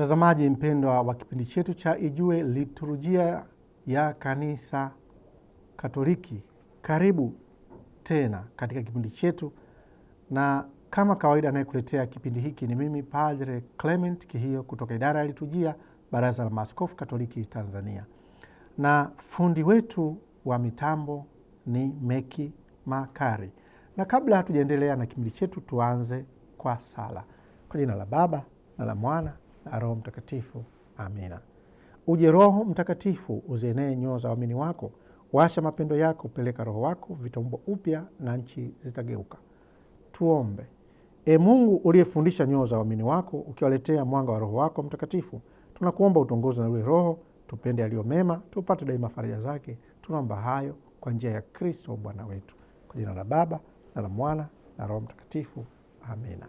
Mtazamaji mpendwa wa kipindi chetu cha Ijue Liturujia ya Kanisa Katoliki, karibu tena katika kipindi chetu, na kama kawaida anayekuletea kipindi hiki ni mimi Padre Clement Kihio kutoka idara ya liturujia, Baraza la Maaskofu Katoliki Tanzania, na fundi wetu wa mitambo ni Meki Makari. Na kabla hatujaendelea na kipindi chetu, tuanze kwa sala. Kwa jina la Baba na la Mwana na Roho Mtakatifu. Amina. Uje Roho Mtakatifu, uzienee nyoo za waamini wako, washa mapendo yako, peleka Roho wako, vitaumbwa upya na nchi zitageuka. Tuombe. E Mungu uliyefundisha nyoo za waamini wako, ukiwaletea mwanga wa Roho wako Mtakatifu, tunakuomba utongozi na ule Roho tupende aliyo mema, tupate daima faraja zake. Tunaomba hayo kwa njia ya Kristo Bwana wetu. Kwa jina la Baba na la Mwana na Roho Mtakatifu. Amina.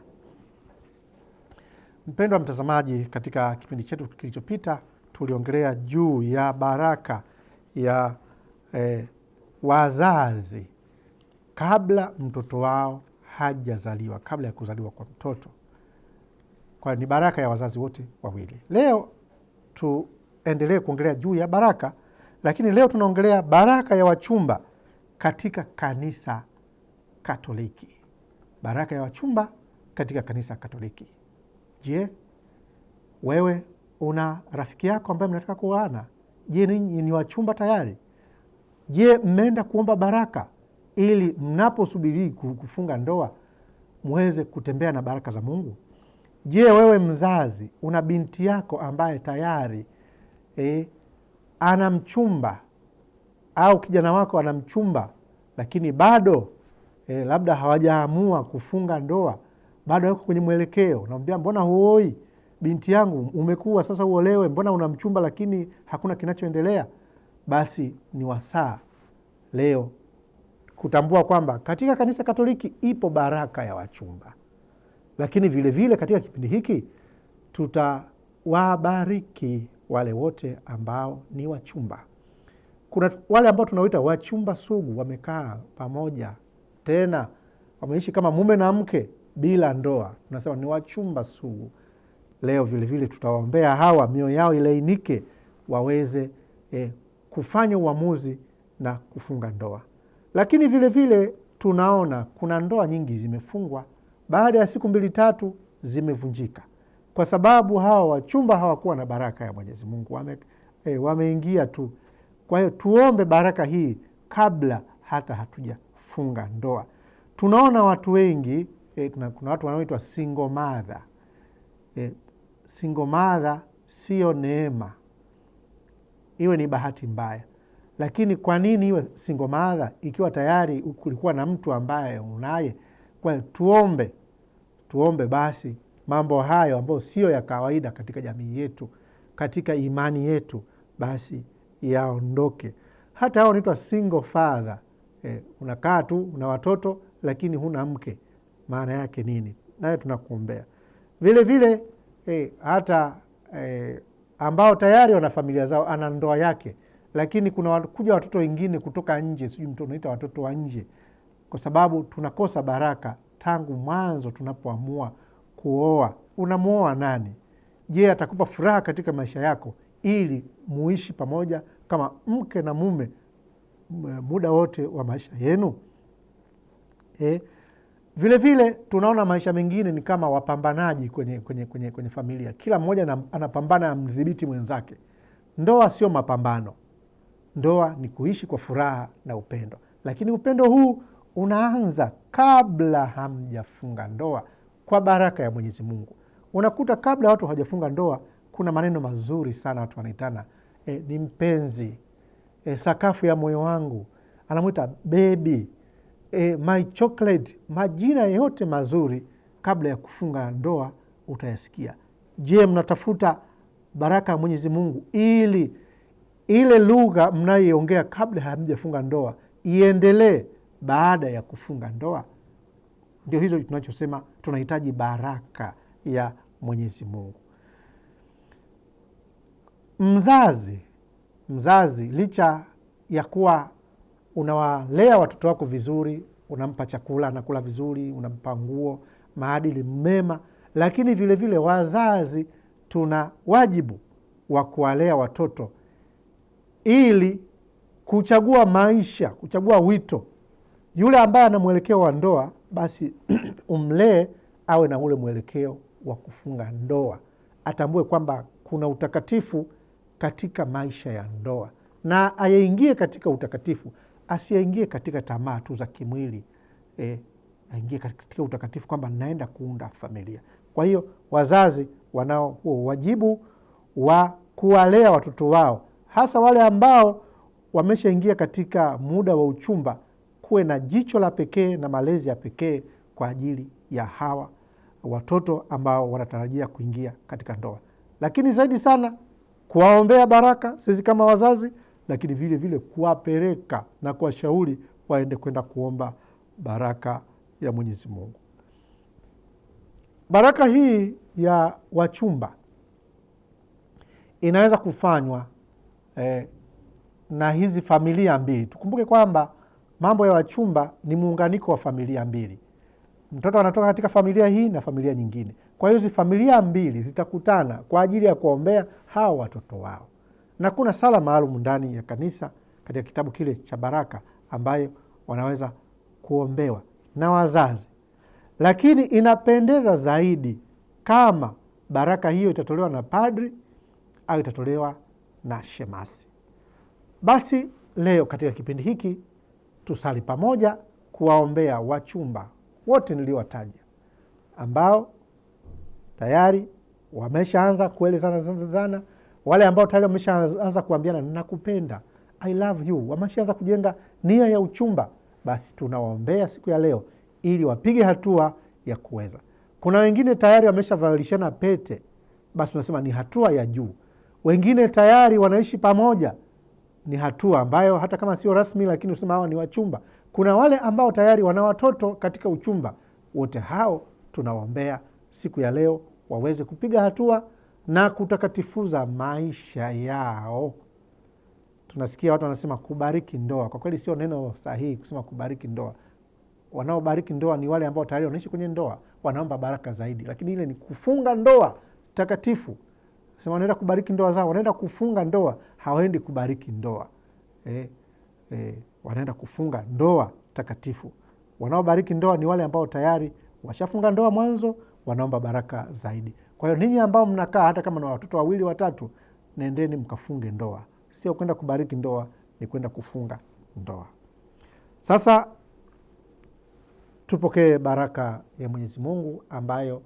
Mpendwa mtazamaji, katika kipindi chetu kilichopita tuliongelea juu ya baraka ya eh, wazazi kabla mtoto wao hajazaliwa, kabla ya kuzaliwa kwa mtoto, kwa ni baraka ya wazazi wote wawili. Leo tuendelee kuongelea juu ya baraka, lakini leo tunaongelea baraka ya wachumba katika kanisa Katoliki, baraka ya wachumba katika kanisa Katoliki. Je, wewe una rafiki yako ambaye mnataka kuoana? Je, ninyi ni wachumba tayari? Je, mmeenda kuomba baraka ili mnaposubiri kufunga ndoa muweze kutembea na baraka za Mungu? Je, wewe mzazi una binti yako ambaye tayari eh, ana mchumba au kijana wako ana mchumba, lakini bado eh, labda hawajaamua kufunga ndoa? bado yuko kwenye mwelekeo, namwambia mbona huoi binti yangu, umekuwa sasa uolewe, mbona una mchumba lakini hakuna kinachoendelea? Basi ni wasaa leo kutambua kwamba katika kanisa Katoliki ipo baraka ya wachumba, lakini vilevile vile katika kipindi hiki tutawabariki wale wote ambao ni wachumba. Kuna wale ambao tunawaita wachumba sugu, wamekaa pamoja tena wameishi kama mume na mke bila ndoa, tunasema ni wachumba sugu. Leo vilevile tutawaombea hawa, mioyo yao ilainike, waweze eh, kufanya uamuzi na kufunga ndoa. Lakini vilevile vile, tunaona kuna ndoa nyingi zimefungwa, baada ya siku mbili tatu zimevunjika kwa sababu hawa wachumba hawakuwa na baraka ya Mwenyezi Mungu, wame eh, wameingia tu. Kwa hiyo tuombe baraka hii kabla hata hatujafunga ndoa. Tunaona watu wengi eh, tuna, kuna watu wanaoitwa single mother eh, single mother sio neema, iwe ni bahati mbaya. Lakini kwa nini iwe single mother ikiwa tayari kulikuwa na mtu ambaye unaye? Kwa tuombe, tuombe basi mambo hayo ambayo sio ya kawaida katika jamii yetu, katika imani yetu, basi yaondoke. Hata hao unaitwa single father eh, unakaa tu una watoto lakini huna mke maana yake nini, naye tunakuombea vile vile e, hata e, ambao tayari wana familia zao, ana ndoa yake, lakini kuna kuja watoto wengine kutoka nje, sijui mtu unaita watoto wa nje, kwa sababu tunakosa baraka tangu mwanzo. Tunapoamua kuoa, unamwoa nani? Je, atakupa furaha katika maisha yako, ili muishi pamoja kama mke na mume eh, muda wote wa maisha yenu? E, Vilevile vile, tunaona maisha mengine ni kama wapambanaji kwenye, kwenye, kwenye, kwenye familia. Kila mmoja anapambana na mdhibiti mwenzake. Ndoa sio mapambano, ndoa ni kuishi kwa furaha na upendo, lakini upendo huu unaanza kabla hamjafunga ndoa kwa baraka ya Mwenyezi Mungu. Unakuta kabla watu hawajafunga ndoa kuna maneno mazuri sana watu wanaitana, e, ni mpenzi, e, sakafu ya moyo wangu, anamwita bebi e, my chocolate, majina yote mazuri kabla ya kufunga ndoa utayasikia. Je, mnatafuta baraka ya Mwenyezi Mungu ili ile lugha mnayoiongea kabla hamjafunga ndoa iendelee baada ya kufunga ndoa? Ndio hizo tunachosema tunahitaji baraka ya Mwenyezi Mungu. Mzazi mzazi licha ya kuwa unawalea watoto wako vizuri, unampa chakula anakula vizuri, unampa nguo, maadili mema, lakini vilevile vile wazazi tuna wajibu wa kuwalea watoto ili kuchagua maisha, kuchagua wito. Yule ambaye ana mwelekeo wa ndoa, basi umlee awe na ule mwelekeo wa kufunga ndoa, atambue kwamba kuna utakatifu katika maisha ya ndoa na ayeingie katika utakatifu asiyeingie katika tamaa tu za kimwili e, aingie katika utakatifu kwamba naenda kuunda familia. Kwa hiyo wazazi wanao huo wajibu wa kuwalea watoto wao, hasa wale ambao wameshaingia katika muda wa uchumba. Kuwe na jicho la pekee na malezi ya pekee kwa ajili ya hawa watoto ambao wanatarajia kuingia katika ndoa, lakini zaidi sana kuwaombea baraka sisi kama wazazi lakini vile vile kuwapeleka na kuwashauri waende kwenda kuomba baraka ya Mwenyezi Mungu. Baraka hii ya wachumba inaweza kufanywa eh, na hizi familia mbili. Tukumbuke kwamba mambo ya wachumba ni muunganiko wa familia mbili, mtoto anatoka katika familia hii na familia nyingine. Kwa hiyo hizi familia mbili zitakutana kwa ajili ya kuombea hawa watoto wao na kuna sala maalum ndani ya kanisa katika kitabu kile cha baraka ambayo wanaweza kuombewa na wazazi, lakini inapendeza zaidi kama baraka hiyo itatolewa na padri au itatolewa na shemasi. Basi leo katika kipindi hiki tusali pamoja kuwaombea wachumba wote niliowataja ambao tayari wameshaanza kuelezana zana wale ambao tayari wameshaanza kuambiana nakupenda, I love you, wameshaanza kujenga nia ya uchumba, basi tunawaombea siku ya leo ili wapige hatua ya kuweza. Kuna wengine tayari wameshavalishana pete, basi unasema ni hatua ya juu. Wengine tayari wanaishi pamoja, ni hatua ambayo hata kama sio rasmi, lakini usema hawa ni wachumba. Kuna wale ambao tayari wana watoto katika uchumba, wote hao tunawaombea siku ya leo waweze kupiga hatua na kutakatifuza maisha yao. Tunasikia watu wanasema kubariki ndoa. Kwa kweli sio neno sahihi kusema kubariki ndoa. Wanaobariki ndoa ni wale ambao tayari wanaishi kwenye ndoa, wanaomba baraka zaidi, lakini ile ni kufunga ndoa takatifu. Sema wanaenda kubariki ndoa zao, wanaenda kufunga ndoa, hawaendi kubariki ndoa eh, eh, wanaenda kufunga ndoa takatifu. Wanaobariki ndoa ni wale ambao tayari washafunga ndoa mwanzo, wanaomba baraka zaidi. Kwa hiyo ninyi ambao mnakaa hata kama na watoto wawili watatu, nendeni mkafunge ndoa. Sio kwenda kubariki ndoa, ni kwenda kufunga ndoa. Sasa tupokee baraka ya Mwenyezi Mungu ambayo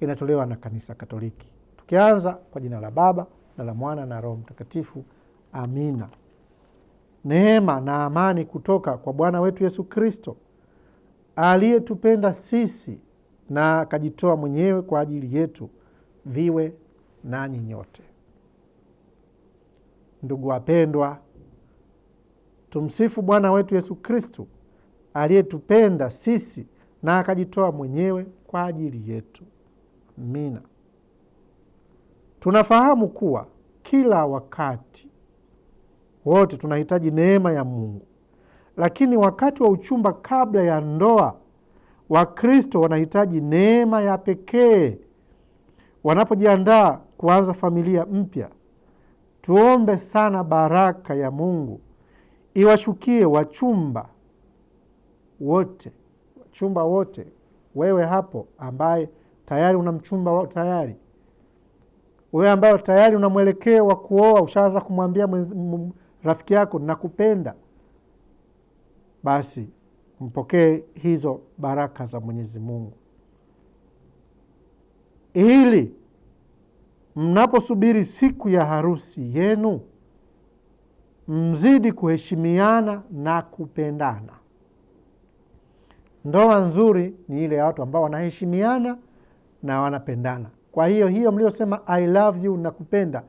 inatolewa na Kanisa Katoliki, tukianza kwa jina la Baba na la Mwana na Roho Mtakatifu. Amina. Neema na amani kutoka kwa Bwana wetu Yesu Kristo aliyetupenda sisi na akajitoa mwenyewe kwa ajili yetu, viwe nanyi nyote. Ndugu wapendwa, tumsifu Bwana wetu Yesu Kristu aliyetupenda sisi na akajitoa mwenyewe kwa ajili yetu. Amina. Tunafahamu kuwa kila wakati wote tunahitaji neema ya Mungu, lakini wakati wa uchumba, kabla ya ndoa Wakristo wanahitaji neema ya pekee wanapojiandaa kuanza familia mpya. Tuombe sana baraka ya Mungu iwashukie wachumba wote, wachumba wote, wewe hapo ambaye tayari una mchumba tayari, wewe ambayo tayari una mwelekeo wa kuoa, ushaanza kumwambia rafiki yako nakupenda, basi mpokee hizo baraka za Mwenyezi Mungu ili mnaposubiri siku ya harusi yenu mzidi kuheshimiana na kupendana. Ndoa nzuri ni ile ya watu ambao wanaheshimiana na wanapendana. Kwa hiyo hiyo mliosema I love you na kupenda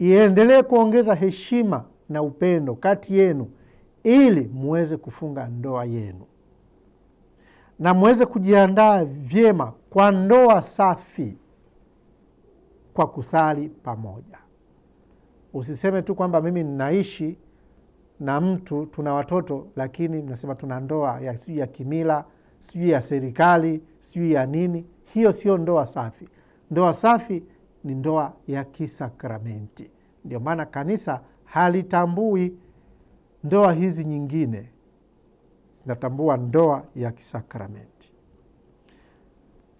iendelee kuongeza heshima na upendo kati yenu ili muweze kufunga ndoa yenu na muweze kujiandaa vyema kwa ndoa safi kwa kusali pamoja. Usiseme tu kwamba mimi ninaishi na mtu tuna watoto, lakini mnasema tuna ndoa ya sijui ya kimila, sijui ya serikali, sijui ya nini. Hiyo sio ndoa safi. Ndoa safi ni ndoa ya kisakramenti. Ndio maana kanisa halitambui ndoa hizi nyingine zinatambua ndoa ya kisakramenti.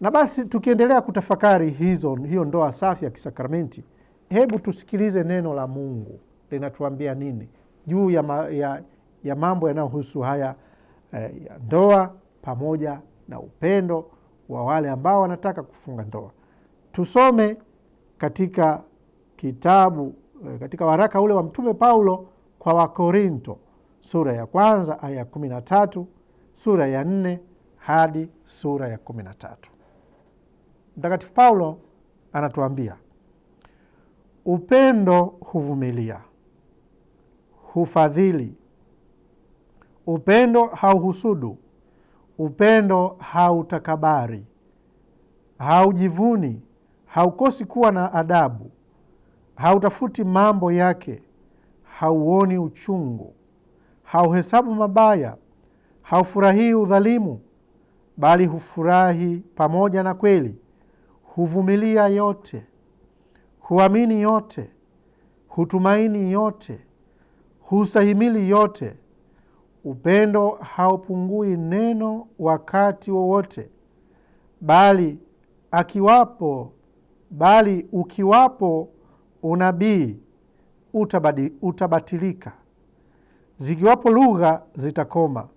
Na basi tukiendelea kutafakari hizo, hiyo ndoa safi ya kisakramenti, hebu tusikilize neno la Mungu linatuambia nini juu ya, ma, ya, ya mambo yanayohusu haya eh, ya ndoa pamoja na upendo wa wale ambao wanataka kufunga ndoa. Tusome katika kitabu eh, katika waraka ule wa Mtume Paulo kwa Wakorinto sura ya kwanza aya ya kumi na tatu sura ya nne hadi sura ya kumi na tatu. Mtakatifu Paulo anatuambia upendo huvumilia, hufadhili, upendo hauhusudu, upendo hautakabari, haujivuni, haukosi kuwa na adabu, hautafuti mambo yake hauoni uchungu, hauhesabu mabaya, haufurahii udhalimu, bali hufurahi pamoja na kweli, huvumilia yote, huamini yote, hutumaini yote, hustahimili yote. Upendo haupungui neno wakati wowote, bali akiwapo bali ukiwapo unabii utabadi, utabatilika. Zikiwapo lugha zitakoma,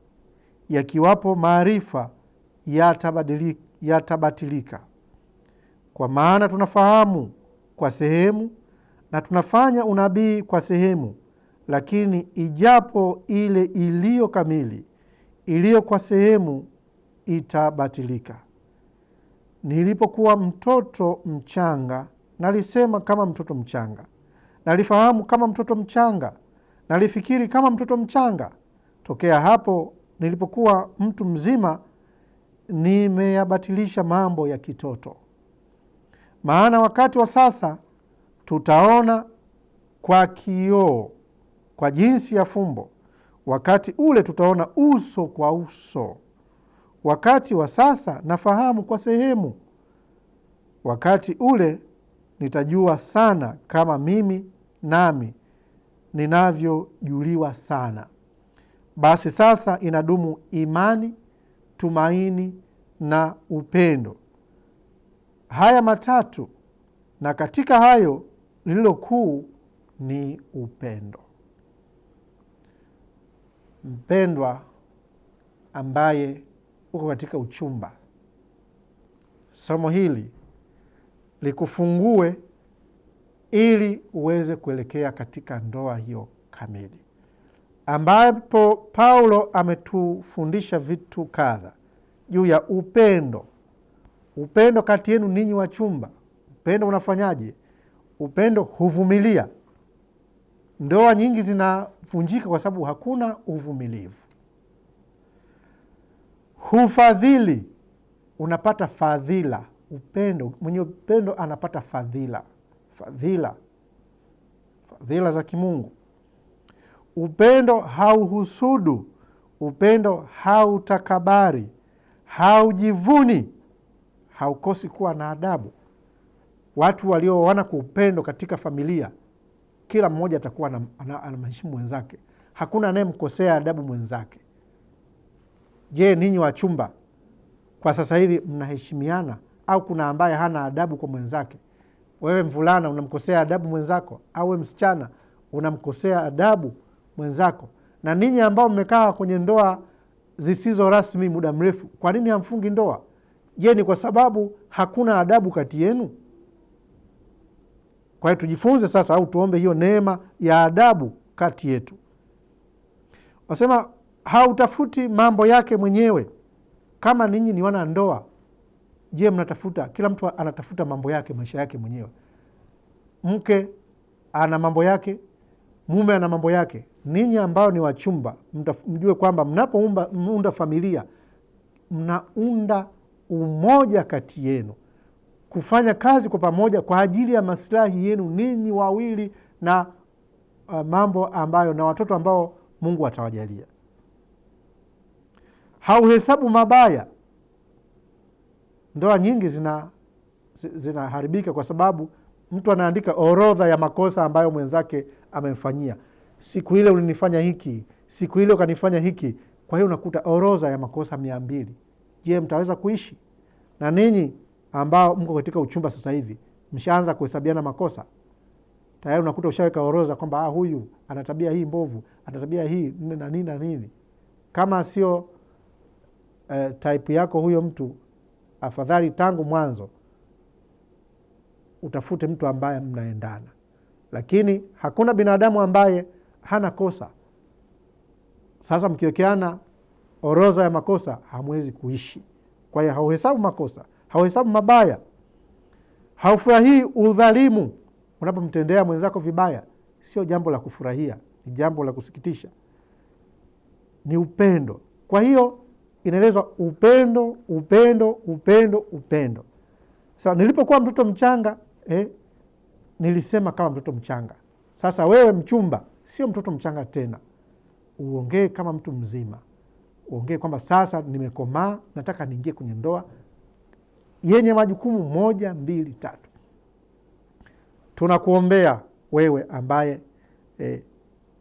yakiwapo maarifa yatabatilika. Kwa maana tunafahamu kwa sehemu na tunafanya unabii kwa sehemu, lakini ijapo ile iliyo kamili, iliyo kwa sehemu itabatilika. Nilipokuwa mtoto mchanga nalisema kama mtoto mchanga nalifahamu kama mtoto mchanga, nalifikiri kama mtoto mchanga. Tokea hapo nilipokuwa mtu mzima, nimeyabatilisha mambo ya kitoto. Maana wakati wa sasa tutaona kwa kioo, kwa jinsi ya fumbo; wakati ule tutaona uso kwa uso. Wakati wa sasa nafahamu kwa sehemu, wakati ule nitajua sana kama mimi nami ninavyojuliwa sana. Basi sasa inadumu imani, tumaini na upendo, haya matatu, na katika hayo lililo kuu ni upendo. Mpendwa ambaye uko katika uchumba, somo hili likufungue ili uweze kuelekea katika ndoa hiyo kamili, ambapo Paulo ametufundisha vitu kadha juu ya upendo. Upendo kati yenu ninyi wachumba, upendo unafanyaje? Upendo huvumilia. Ndoa nyingi zinavunjika kwa sababu hakuna uvumilivu. Hufadhili, unapata fadhila. Upendo, mwenye upendo anapata fadhila fadhila, fadhila za kimungu. Upendo hauhusudu, upendo hautakabari, haujivuni, haukosi kuwa na adabu. Watu walioana kwa upendo katika familia, kila mmoja atakuwa anamheshimu mwenzake, hakuna anayemkosea adabu mwenzake. Je, ninyi wachumba kwa sasa hivi mnaheshimiana au kuna ambaye hana adabu kwa mwenzake? wewe mvulana unamkosea adabu mwenzako, au we msichana unamkosea adabu mwenzako. Na ninyi ambao mmekaa kwenye ndoa zisizo rasmi muda mrefu, kwa nini hamfungi ndoa? Je, ni kwa sababu hakuna adabu kati yenu? Kwa hiyo tujifunze sasa, au tuombe hiyo neema ya adabu kati yetu. Wasema hautafuti mambo yake mwenyewe, kama ninyi ni wana ndoa Je, mnatafuta? Kila mtu anatafuta mambo yake, maisha yake mwenyewe. Mke ana mambo yake, mume ana mambo yake. Ninyi ambao ni wachumba, mjue kwamba mnapounda familia mnaunda umoja kati yenu, kufanya kazi kwa pamoja kwa ajili ya masilahi yenu ninyi wawili na uh, mambo ambayo na watoto ambao Mungu atawajalia. Hauhesabu mabaya ndoa nyingi zina zinaharibika kwa sababu mtu anaandika orodha ya makosa ambayo mwenzake amemfanyia. Siku ile ulinifanya hiki, siku ile ukanifanya hiki. Kwa hiyo unakuta orodha ya makosa mia mbili. Je, mtaweza kuishi? Na ninyi ambao mko katika uchumba sasa hivi mshaanza kuhesabiana makosa tayari, unakuta ushaweka orodha kwamba ah, huyu ana tabia hii mbovu, ana tabia hii na nini na nini. Kama sio eh, type yako huyo mtu afadhali tangu mwanzo utafute mtu ambaye mnaendana, lakini hakuna binadamu ambaye hana kosa. Sasa mkiwekeana orodha ya makosa hamwezi kuishi. Kwa hiyo hauhesabu makosa, hauhesabu mabaya, haufurahii udhalimu. Unapomtendea mwenzako vibaya, sio jambo la kufurahia, ni jambo la kusikitisha, ni upendo. Kwa hiyo inaelezwa upendo, upendo, upendo, upendo. Sasa nilipokuwa mtoto mchanga eh, nilisema kama mtoto mchanga. Sasa wewe mchumba, sio mtoto mchanga tena, uongee kama mtu mzima, uongee kwamba sasa nimekomaa, nataka niingie kwenye ndoa yenye majukumu moja, mbili, tatu. Tunakuombea wewe ambaye eh,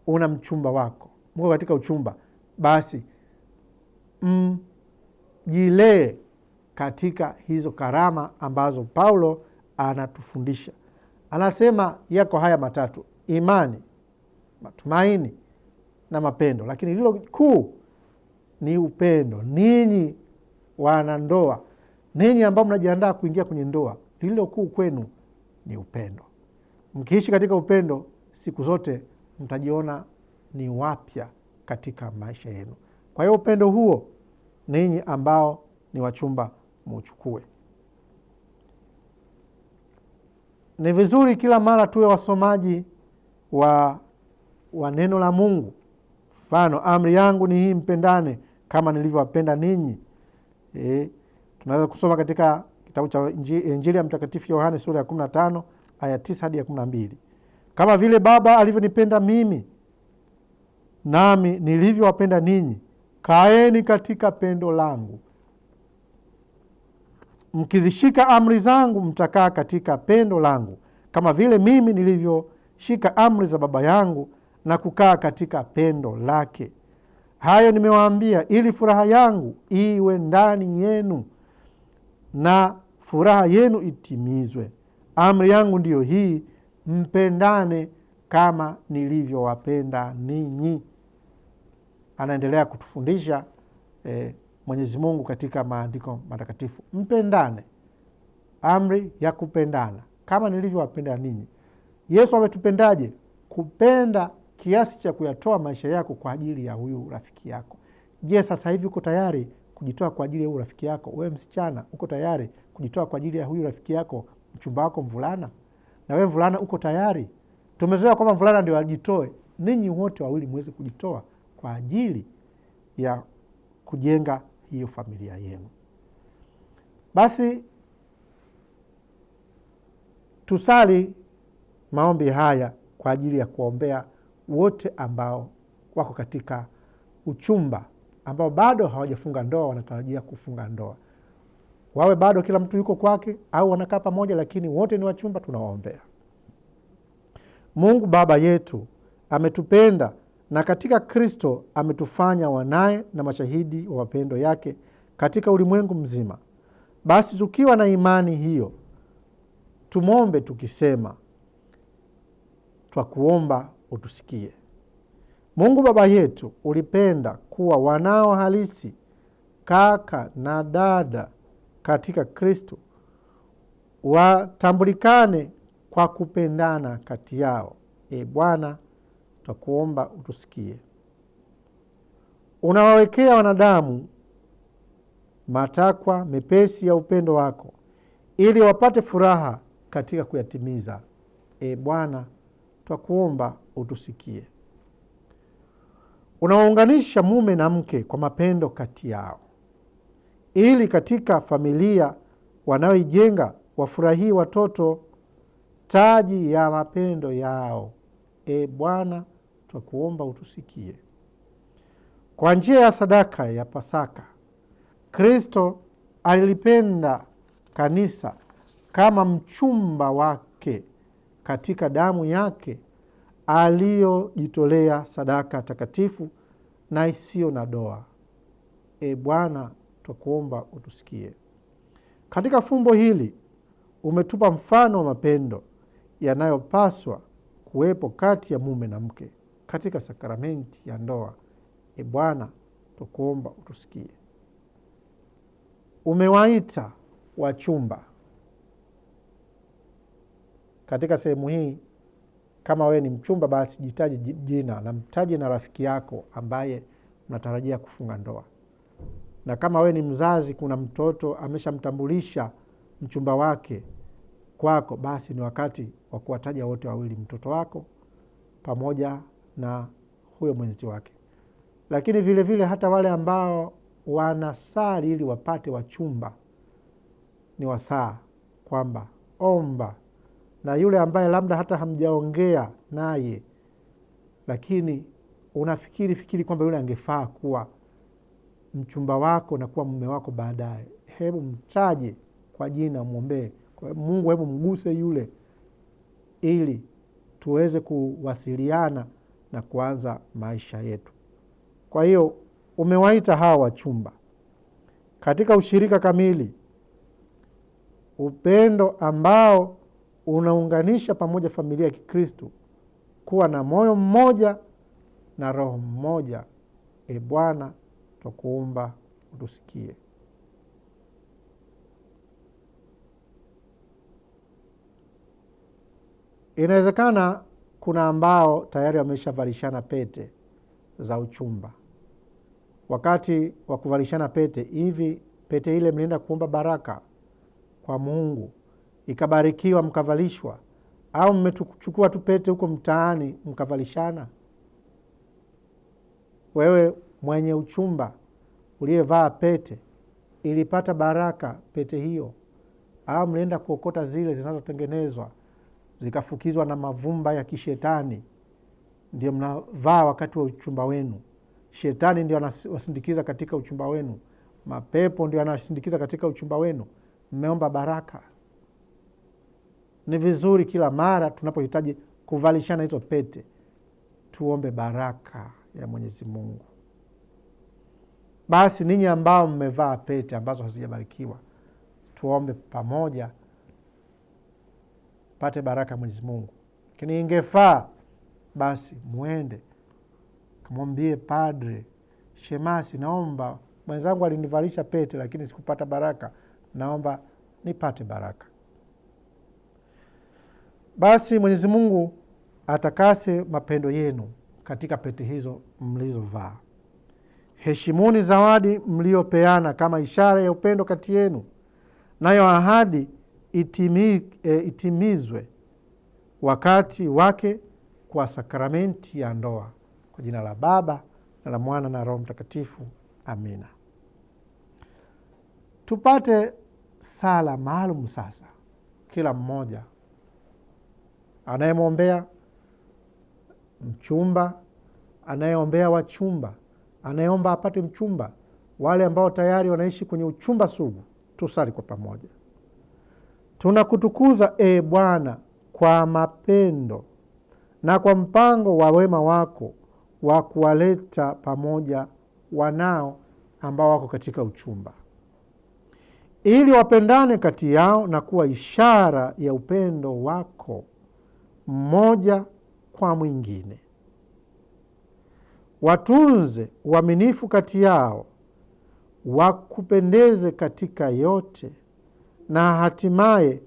una mchumba wako, mko katika uchumba, basi mjilee katika hizo karama ambazo Paulo anatufundisha. Anasema yako haya matatu: imani, matumaini na mapendo, lakini lilo kuu ni upendo. Ninyi wanandoa, ninyi ambao mnajiandaa kuingia kwenye ndoa, lililo kuu kwenu ni upendo. Mkiishi katika upendo, siku zote mtajiona ni wapya katika maisha yenu. Kwa hiyo upendo huo ninyi ambao ni wachumba muuchukue. Ni vizuri kila mara tuwe wasomaji wa, wa neno la Mungu. Mfano, amri yangu ni hii, mpendane kama nilivyowapenda ninyi. E, tunaweza kusoma katika kitabu cha Injili ya Mtakatifu Yohane sura ya 15 aya 9 hadi ya 12, kama vile Baba alivyonipenda mimi nami nilivyowapenda ninyi kaeni katika pendo langu, mkizishika amri zangu mtakaa katika pendo langu, kama vile mimi nilivyoshika amri za Baba yangu na kukaa katika pendo lake. Hayo nimewaambia ili furaha yangu iwe ndani yenu na furaha yenu itimizwe. Amri yangu ndiyo hii, mpendane kama nilivyowapenda ninyi anaendelea kutufundisha e, Mwenyezi Mungu katika maandiko matakatifu, mpendane, amri ya kupendana kama nilivyowapenda ninyi. Yesu ametupendaje? Kupenda kiasi cha kuyatoa maisha yako kwa ajili ya huyu rafiki yako. Je, sasa hivi uko tayari kujitoa kwa ajili ya huyu rafiki yako? Wewe msichana, uko tayari kujitoa kwa ajili ya huyu rafiki yako, mchumba wako mvulana? Na wewe mvulana, uko tayari? Tumezoea kwamba mvulana ndio ajitoe. Ninyi wote wawili muweze kujitoa kwa ajili ya kujenga hiyo familia yenu. Basi tusali maombi haya kwa ajili ya kuombea wote ambao wako katika uchumba, ambao bado hawajafunga ndoa, wanatarajia kufunga ndoa, wawe bado kila mtu yuko kwake au wanakaa pamoja, lakini wote ni wachumba. Tunawaombea. Mungu Baba yetu ametupenda na katika Kristo ametufanya wanaye na mashahidi wa mapendo yake katika ulimwengu mzima. Basi tukiwa na imani hiyo tumwombe tukisema, twakuomba utusikie. Mungu Baba yetu ulipenda kuwa wanao halisi, kaka na dada katika Kristo, watambulikane kwa kupendana kati yao. E Bwana tutakuomba utusikie. Unawawekea wanadamu matakwa mepesi ya upendo wako ili wapate furaha katika kuyatimiza. E Bwana, twakuomba utusikie. Unawaunganisha mume na mke kwa mapendo kati yao ili katika familia wanayoijenga wafurahie watoto taji ya mapendo yao. E Bwana twakuomba utusikie. Kwa njia ya sadaka ya Pasaka, Kristo alilipenda kanisa kama mchumba wake katika damu yake aliyojitolea sadaka takatifu na isiyo na doa. E Bwana, twakuomba utusikie. Katika fumbo hili umetupa mfano wa mapendo yanayopaswa kuwepo kati ya mume na mke katika sakramenti ya ndoa. E Bwana, tukuomba utusikie. Umewaita wachumba. Katika sehemu hii, kama wewe ni mchumba, basi jitaji jina na mtaji na rafiki yako ambaye mnatarajia kufunga ndoa, na kama wewe ni mzazi, kuna mtoto ameshamtambulisha mchumba wake kwako, basi ni wakati wa kuwataja wote wawili, mtoto wako pamoja na huyo mwenzi wake. Lakini vilevile vile hata wale ambao wanasali ili wapate wachumba ni wasaa kwamba omba na yule ambaye labda hata hamjaongea naye, lakini unafikiri fikiri kwamba yule angefaa kuwa mchumba wako na kuwa mume wako baadaye, hebu mtaje kwa jina, mwombee Mungu, hebu mguse yule, ili tuweze kuwasiliana na kuanza maisha yetu. Kwa hiyo umewaita hawa wachumba katika ushirika kamili, upendo ambao unaunganisha pamoja familia ya Kikristo kuwa na moyo mmoja na roho mmoja. E Bwana, twakuomba utusikie. Inawezekana kuna ambao tayari wameshavalishana pete za uchumba. Wakati wa kuvalishana pete hivi, pete ile mlienda kuomba baraka kwa Mungu ikabarikiwa, mkavalishwa, au mmechukua tu pete huko mtaani mkavalishana? Wewe mwenye uchumba uliyevaa pete, ilipata baraka pete hiyo, au mlienda kuokota zile zinazotengenezwa zikafukizwa na mavumba ya kishetani, ndio mnavaa wakati wa uchumba wenu. Shetani ndio anawasindikiza katika uchumba wenu, mapepo ndio anawasindikiza katika uchumba wenu. Mmeomba baraka. Ni vizuri kila mara tunapohitaji kuvalishana hizo pete, tuombe baraka ya Mwenyezi Mungu. Basi ninyi ambao mmevaa pete ambazo hazijabarikiwa, tuombe pamoja pate baraka Mwenyezi Mungu. Lakini ingefaa basi mwende kamwambie padre, shemasi, naomba mwenzangu alinivalisha pete lakini sikupata baraka, naomba nipate baraka. Basi Mwenyezi Mungu atakase mapendo yenu katika pete hizo mlizovaa. Heshimuni zawadi mliopeana kama ishara ya upendo kati yenu, nayo ahadi itimi, e, itimizwe wakati wake kwa sakramenti ya ndoa. Kwa jina la Baba na la Mwana na Roho Mtakatifu, amina. Tupate sala maalum sasa, kila mmoja anayemwombea mchumba, anayeombea wachumba, anayeomba apate mchumba, wale ambao tayari wanaishi kwenye uchumba sugu, tusali kwa pamoja. Tunakutukuza e Bwana kwa mapendo na kwa mpango wa wema wako wa kuwaleta pamoja wanao ambao wako katika uchumba, ili wapendane kati yao na kuwa ishara ya upendo wako mmoja kwa mwingine. Watunze uaminifu kati yao, wakupendeze katika yote na hatimaye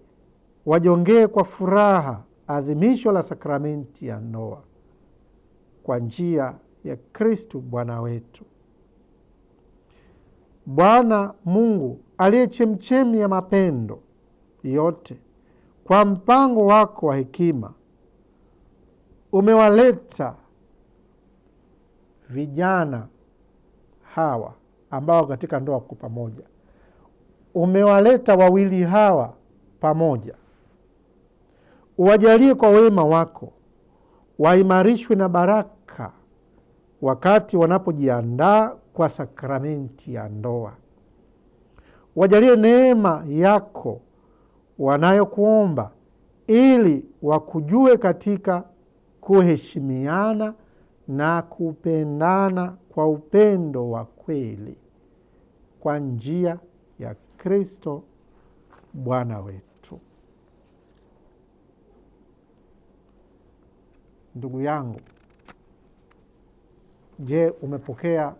wajongee kwa furaha adhimisho la sakramenti ya ndoa kwa njia ya Kristu Bwana wetu. Bwana Mungu aliye chemchemi ya mapendo yote, kwa mpango wako wa hekima umewaleta vijana hawa ambao katika ndoa kwa pamoja umewaleta wawili hawa pamoja, uwajalie kwa wema wako, waimarishwe na baraka wakati wanapojiandaa kwa sakramenti ya ndoa. Wajalie neema yako wanayokuomba, ili wakujue katika kuheshimiana na kupendana kwa upendo wa kweli kwa njia ya Kristo Bwana wetu. Ndugu yangu, je, umepokea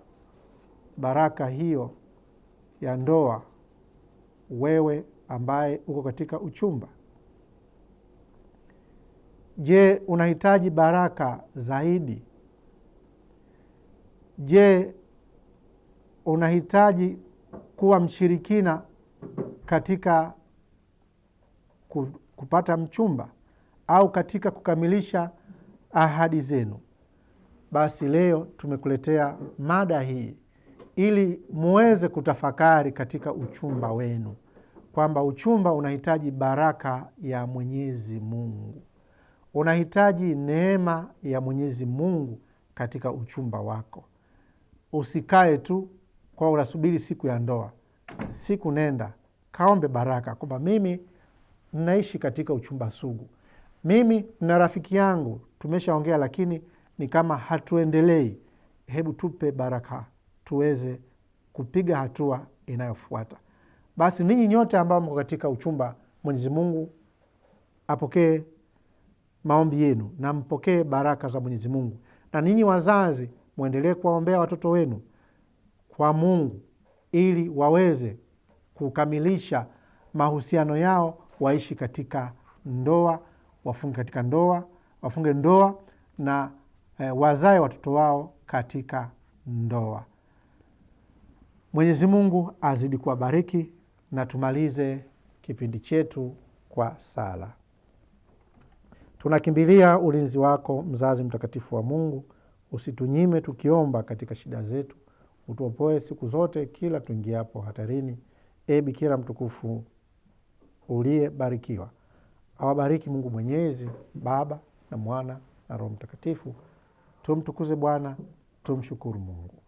baraka hiyo ya ndoa, wewe ambaye uko katika uchumba? Je, unahitaji baraka zaidi? Je, unahitaji kuwa mshirikina katika kupata mchumba au katika kukamilisha ahadi zenu, basi leo tumekuletea mada hii ili muweze kutafakari katika uchumba wenu kwamba uchumba unahitaji baraka ya Mwenyezi Mungu, unahitaji neema ya Mwenyezi Mungu katika uchumba wako. Usikae tu kwa unasubiri siku ya ndoa, siku nenda kaombe baraka kwamba mimi naishi katika uchumba sugu, mimi na rafiki yangu tumeshaongea, lakini ni kama hatuendelei. Hebu tupe baraka tuweze kupiga hatua inayofuata. Basi ninyi nyote ambao mko katika uchumba, Mwenyezi Mungu apokee maombi yenu na mpokee baraka za Mwenyezi Mungu. Na ninyi wazazi, mwendelee kuwaombea watoto wenu kwa Mungu ili waweze kukamilisha mahusiano yao, waishi katika ndoa, wafunge katika ndoa, wafunge ndoa na e, wazae watoto wao katika ndoa. Mwenyezi Mungu azidi kuwabariki na tumalize kipindi chetu kwa sala. Tunakimbilia ulinzi wako, mzazi mtakatifu wa Mungu, usitunyime tukiomba katika shida zetu, utuopoe siku zote kila tuingiapo hatarini E Bikira mtukufu uliyebarikiwa, awabariki Mungu Mwenyezi, Baba na Mwana na Roho Mtakatifu. Tumtukuze Bwana, tumshukuru Mungu.